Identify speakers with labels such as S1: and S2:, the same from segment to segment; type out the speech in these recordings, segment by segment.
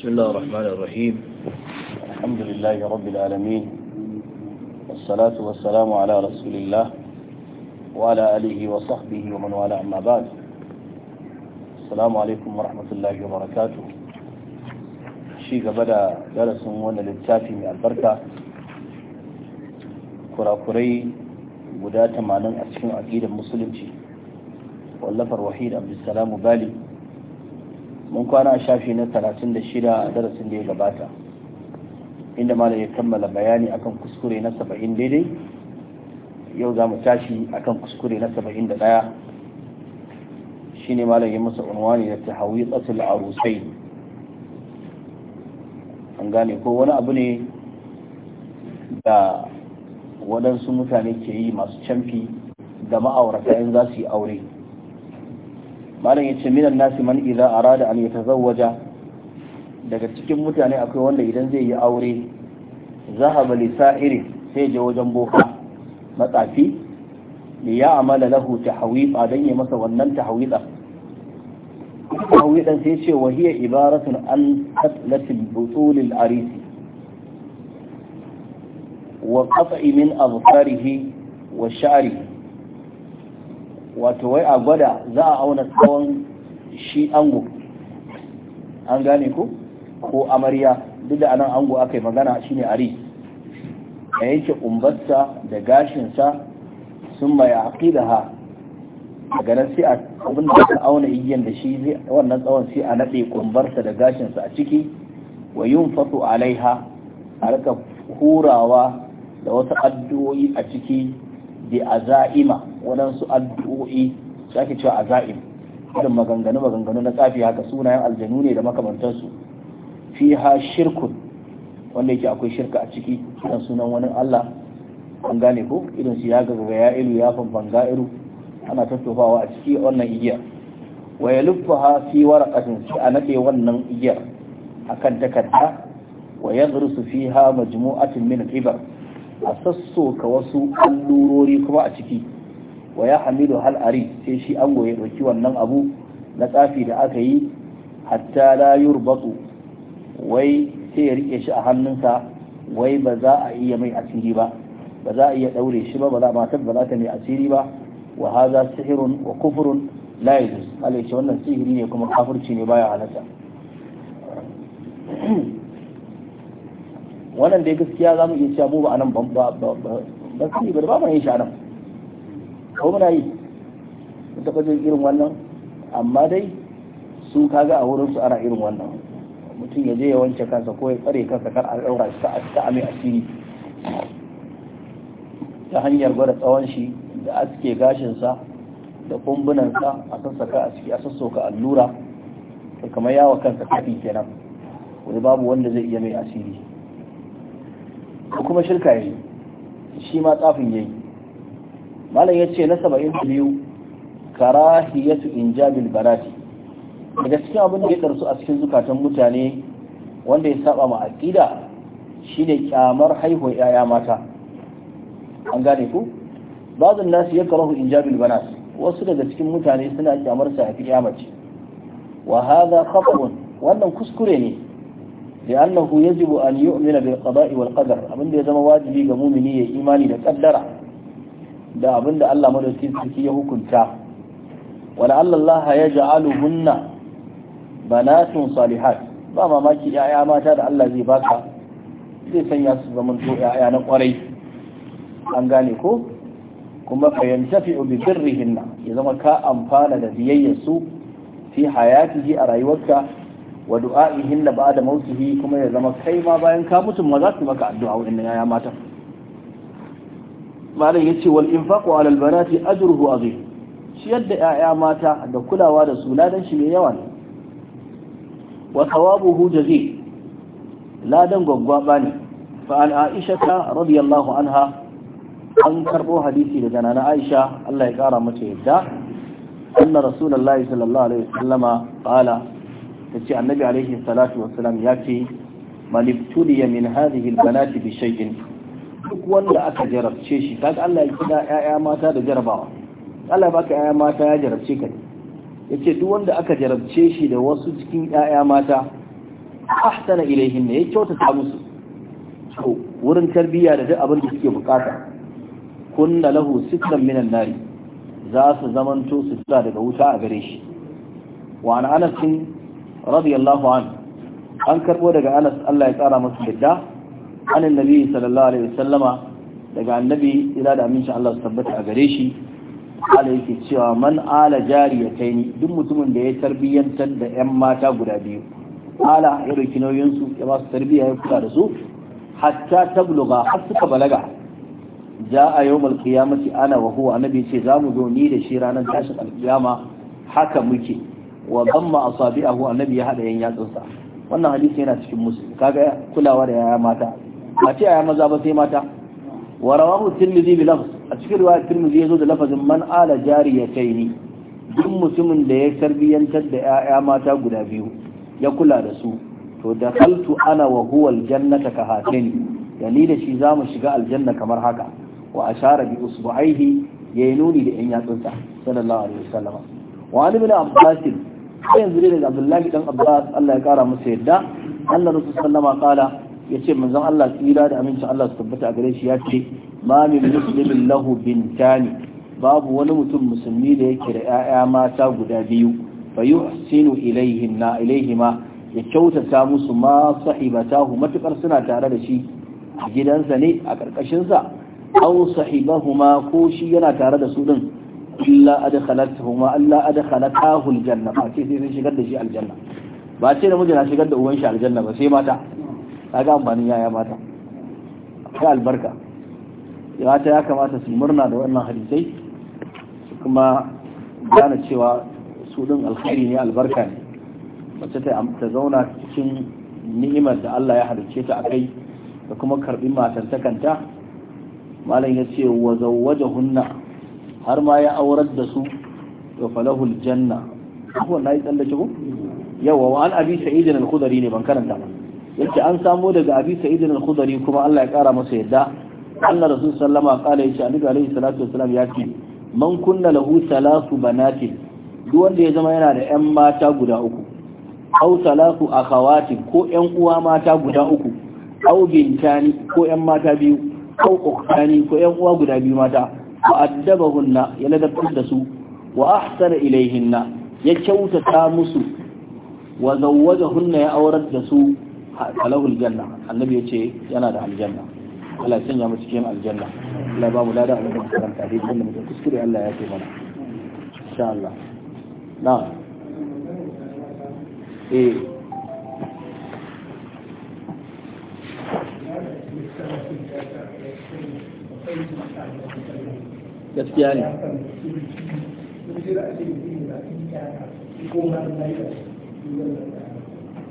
S1: بسم الله الرحمن الرحيم الحمد لله رب العالمين والصلاة والسلام على رسول الله وعلى آله وصحبه ومن والاه أما بعد السلام عليكم ورحمة الله وبركاته شيء بدأ درس وانا للتافي من البركة kurakurai guda 80 a cikin aƙidar musulunci wallafar wahid abdulsalamu bali mun kwana a shafi na 36 a darasin da ya gabata inda malam ya kammala bayani akan kuskure na 70 daidai yau za mu tashi akan kuskure na 71 shine malam ya masa unwani da ta tahawitsatul arusai an gane ko wani abu ne da waɗansu mutane ke yi masu camfi da ma'aurata in za su yi aure malam yace minan nasi man idza arada an yatazawwaja daga cikin mutane akwai wanda idan zai yi aure zahaba li sa'iri sai je wajen boka matsafi li ya'mala lahu tahwiqa dan ya masa wannan tahwiqa tahwiqan sai ce wa hiya ibaratun an qatlati butul al-arisi wa qat'i min azfarihi wa sha'rihi wato wai a gwada za a auna tsawon shi ango an gane ku ko amarya duk da anan ango aka yi magana shine ari a yanke umbarsa da gashinsa sun mai ha? daga nan sai a abin da ta auna igiyan da shi wannan tsawon sai a naɗe umbarsa da gashinsa a ciki wa yin fasu alaiha a rika hurawa da wasu addu'o'i a ciki bi za'ima. waɗansu addu'o'i su ake cewa azaim irin maganganu maganganu na tsafi haka sunayen aljanu ne da makamantansu fi ha shirkun wanda yake akwai shirka a ciki irin sunan wani Allah an gane ko irin su ya gaga ya ilu ya fanfanga iru ana tattofawa a ciki wannan igiyar wa ya ha fi waraqatin a naɗe wannan igiyar akan takarda wa yadrusu fiha majmu'atin min ibar a sassoka wasu allurori kuma a ciki wa ya hamilu hal ari sai shi an goye ɗauki wannan abu na tsafi da aka yi hatta la yurbatu wai sai ya rike shi a hannunsa wai ba za a iya mai asiri ba ba za a iya daure shi ba ba za matar ba za ta mai asiri ba wa haza sihirun wa kufurun la yajuz shi wannan sihiri ne kuma kafirci ne baya halatta wannan dai gaskiya za mu cewa mu ba anan ba ba ba ba ba ba ba ba ba ba kawo muna yi su taɓa jin irin wannan amma dai su kaga a wurinsu ana irin wannan mutum ya je ya wanke kansa ko ya tsare kansa kar a ɗaura shi ta a asiri ta hanyar gwada tsawon shi da aske gashinsa da kumbunansa a sassaka a ciki a sassoka allura da kamar yawa kansa kafi kenan wani babu wanda zai iya mai asiri ko kuma shirka yi shi ma tsafin yayi malam ya ce na saba'in da biyu karahiyatu injabil barati daga cikin abin da ya ɗarsu a cikin zukatan mutane wanda ya saba ma aƙida shine kyamar haihuwar yaya mata an gane ku bazin nasu ya karahu injabil banat wasu daga cikin mutane suna kyamar sa a fiya mace wa hadha wannan kuskure ne da annahu yajibu an yu'mina bil qada'i wal qadar abin da ya zama wajibi ga mumini ya imani da kaddara da abin da Allah madauki suke ya hukunta wala Allah ya ja'alu hunna banatun salihat ba mamaki ya'ya mata da Allah zai baka zai sanya su zaman to ya'ya na kwarai an gane ko kuma fa yantafi'u bi birrihinna ya zama ka amfana da biyayyar su fi hayatihi a rayuwarka wa du'a'ihinna ba'da mautihi kuma ya zama kai ma bayan ka mutum ma za su maka addu'a wa'annan ya'ya mata malam yace wal infaqu ala al banati ajruhu azim ciyar da 'ya'ya mata da kulawa da su ladan shi mai yawa ne wa thawabuhu jazi ladan gwaggwaba ne fa an aisha ta radiyallahu anha an karbo hadisi daga nana aisha Allah ya kara mata yadda anna rasulullahi sallallahu alaihi wasallama qala tace annabi alaihi salatu wassalam yace man min hadhihi banati bi shay'in duk wanda aka jarabce shi kaga Allah ya kira ƴaƴa mata da jarabawa Allah baka ƴaƴa mata ya jarabce ka yace duk wanda aka jarabce shi da wasu cikin ƴaƴa mata ahsana ilaihin ne ya kyautata musu to wurin tarbiyya da duk abin da suke bukata kunna lahu sitran minan nari za su zamanto sutura daga wuta a gare shi wa an anas radiyallahu an an karbo daga anas Allah ya tsara masa yadda anin nabi sallallahu alaihi wasallama daga annabi ila da amincin Allah su tabbata a gare shi Allah yake cewa man ala jariyataini duk mutumin da ya tarbiyyantar da yan mata guda biyu ala ya dauki nauyin su ya ba su tarbiyya ya kula da su hatta tabluga har suka balaga ja'a yau qiyamati ana wa huwa annabi ce zamu zo ni da shi ranar tashin alkiyama haka muke wa damma asabi'ahu annabi ya hada yan yatsunsa wannan hadisi yana cikin musulmi kaga kulawa da yaya mata a ce aya maza ba sai mata wa rawahu tilmizi bi lafz a cikin riwayat tilmizi yazo da lafazin man ala jariyataini duk mutumin da ya tarbiyantar da 'ya'ya mata guda biyu ya kula da su to da kaltu ana wa huwa aljannata ka hatin da ni da shi zamu shiga aljanna kamar haka wa ashara bi usbu'aihi yayi nuni da yan yatsunsa sallallahu alaihi wasallam wa ali bin abbas sai yanzu daga abdullahi dan abbas Allah ya kara masa yadda Allah rasul sallama kala ya yace manzon Allah tsira da amincin Allah su tabbata a gare shi ya ce ma min muslimin lahu bintani babu wani mutum musulmi da yake da ƴaƴa mata guda biyu fa yuhsinu ilayhinna ilayhima ya kyautata musu ma sahibatahu matukar suna tare da shi a gidansa ne a karkashin sa aw sahibahuma ko shi yana tare da su din illa adkhalatuhuma alla adkhalatahu aljanna ba ce sai sun shigar da shi aljanna ba ce namiji na shigar da uwan shi aljanna ba sai mata kaga amfanin yaya mata kai albarka ta ya kamata su murna da wannan hadisai su kuma gane cewa su din alkhairi ne albarka ne wacce ta zauna cikin ni'imar da Allah ya halicce ta akai da kuma karbi matantakanta malam ya ce wa zawwajahunna har ma ya aurar da su to falahul janna ko na yi tsallake ko yawa wa an abi sa'idin al-khudari ne ban karanta ba yake an samo daga abi sa'id al-khudri kuma Allah ya kara masa yadda Allah rasul sallama kala yace annabi alaihi salatu wasallam ya ce man kunna lahu salasu banati duk wanda ya zama yana da ƴan mata guda uku aw salasu akhawati ko ƴan uwa mata guda uku aw bintani ko ƴan mata biyu aw ukhtani ko ƴan uwa guda biyu mata wa addabahunna ya ladabtar da su wa ahsana ilayhinna ya kyautata musu wa zawwajahunna ya aurar da su alahul janna annabi yace ce yana da aljanna Allah ya sanya mu cikin aljanna Allah ba mu lada abin da karanta dai wanda muka kuskure Allah ya ce mana insha Allah na eh gaskiya ne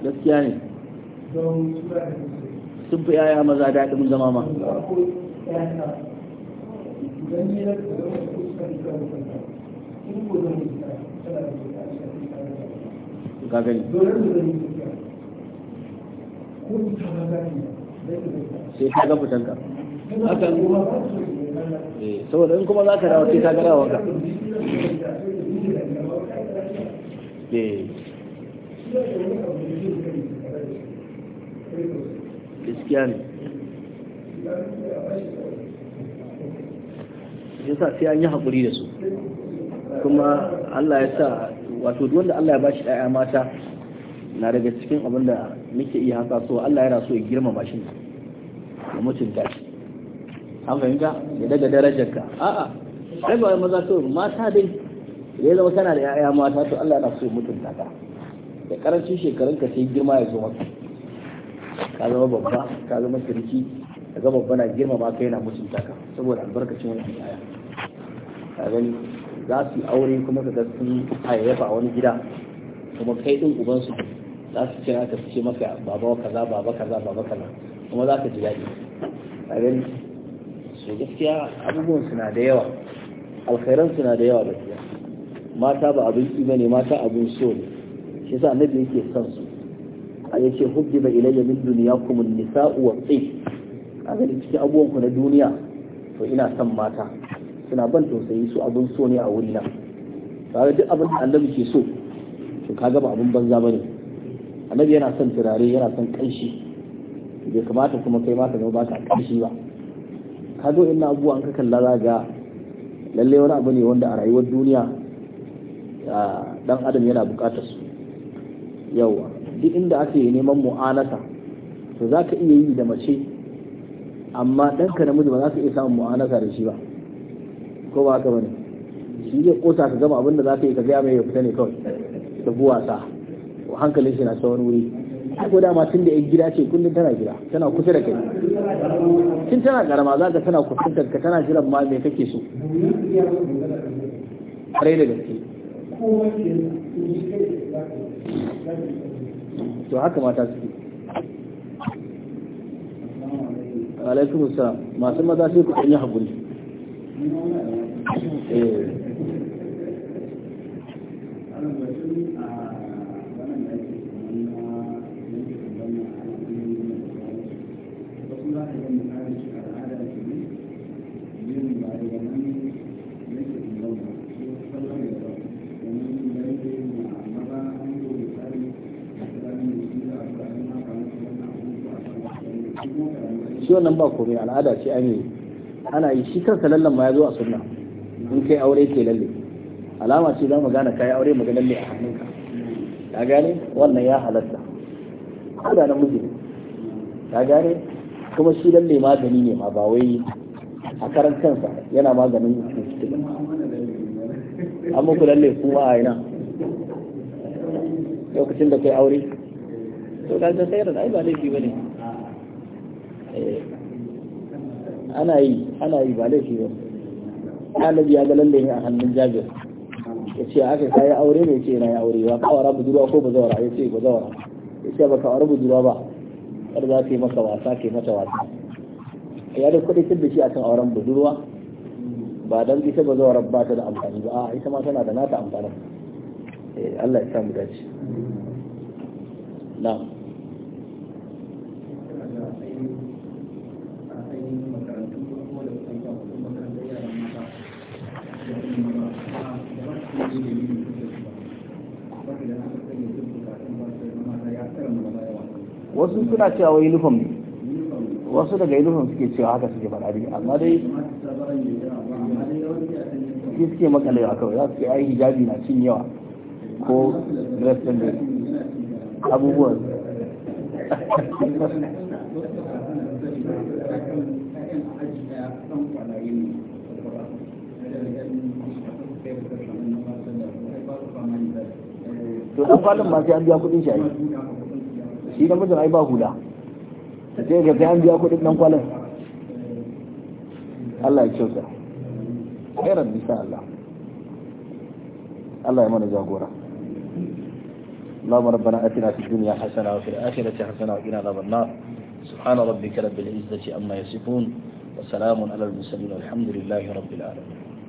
S1: gaskiya ne sun fi yaya maza daɗin zama ma
S2: eh, kuma za ka dawo sai ka ga ka
S1: eh. gaskiya ne sa sai an yi haƙuri da su
S2: kuma Allah ya sa
S1: wato duk wanda Allah ya bashi ɗaya mata na daga cikin abin da muke iya haƙa so Allah yana so ya girmama shi da mutunta shi an fahimta ya daga darajarka a'a sai ba maza to mata dai da ya zama kana da 'ya'ya mata to Allah yana so ya mutunta ka da karancin shekarunka sai girma ya zo maka ka zama babba ka zama sarki zama babba na girmama ka yana mutunta ka saboda albarkacin wannan yaya ka gani za su yi aure kuma ka ga sun hayayyafa a wani gida kuma kai din ubansu za su kira ka fice maka baba kaza baba kaza baba kaza kuma za ka ji daɗi ka gani so gaskiya abubuwan suna da yawa alkhairan suna da yawa gaskiya mata ba abin ki bane mata abin so ne shi yasa annabi yake son su a yace hubbiba ilayya min dunyakum an-nisa'u wa tsif kaga da cikin abubuwan ku na duniya to ina son mata suna ban tausayi su abun so ne a wurina kaga duk abin da annabi ke so to kaga ba abun banza bane annabi yana son turare yana son kanshi bai kamata kuma kai ma ka zama ba ka kanshi ba ka zo inna abubuwa an ka kalla za ga lalle wani abu ne wanda a rayuwar duniya dan adam yana bukatar su yawa duk inda ake neman mu'anata to za ka iya yi da mace amma ɗanka namiji ba za ka iya samun mu'anata da shi ba ko ba haka bane shi zai kosa ka gama abin da za ka yi ka gaya mai ya fita ne kawai da buwasa hankalin shi na tsawon wuri ko da ma tun da yan gida ce kullum tana gida tana kusa da kai tun tana karama za ka tana kusantar ka tana jiran ma me kake so kare da gaske to haka mata suke alaikum salam masu maza sai ku
S2: ɗanyi haƙuri eh shi wannan
S1: ba komai al'ada ce an yi ana yi shi kansa lallan ma ya zo a sunna in kai aure ke lalle alama ce za mu gane kai aure mu ga lalle a hannunka ka gane wannan ya halatta ko da namiji ka gane kuma shi lalle magani ne ma ba wai a karan kansa yana maganin an muku lalle kuma a ina lokacin da kai aure to ta sayar da ai ba laifi ba ne. Eh, ana yi ana yi ba laifi ba ɗalibi ya ga lallai ne a hannun jabir ya ce aka kayi aure ne ce na yi aure ba kawara budurwa ko ba zawara ya ce ba zawara ya ce ba kawara budurwa ba kar za ka yi masa wasa ka yi mata wasa ya da kuɗi da shi a kan auren budurwa ba don ita ba zawara ba ta da amfani ba a ita ma tana da nata amfanin eh, Allah ya samu dace na'am wasu suna cewa wai uniform wasu daga uniform suke cewa haka suke faɗa dai amma dai
S2: shi suke makalai
S1: a kawai za su ce ai hijabi na cin yawa ko western day abubuwan
S2: to dan kwalin ma sai
S1: an biya kudin shi shi ga mijin ai ba hula sai ga ta biya ya kuɗi ɗan kwalin Allah ya kyauta ƙairar nisa Allah Allah ya mana jagora lamar bana ati na fi duniya hasana wa fi akhirat hasana wa ina zaban nar subhana rabbika rabbil izzati amma yasifun wa salamun ala al-mursalin walhamdulillahi rabbil alamin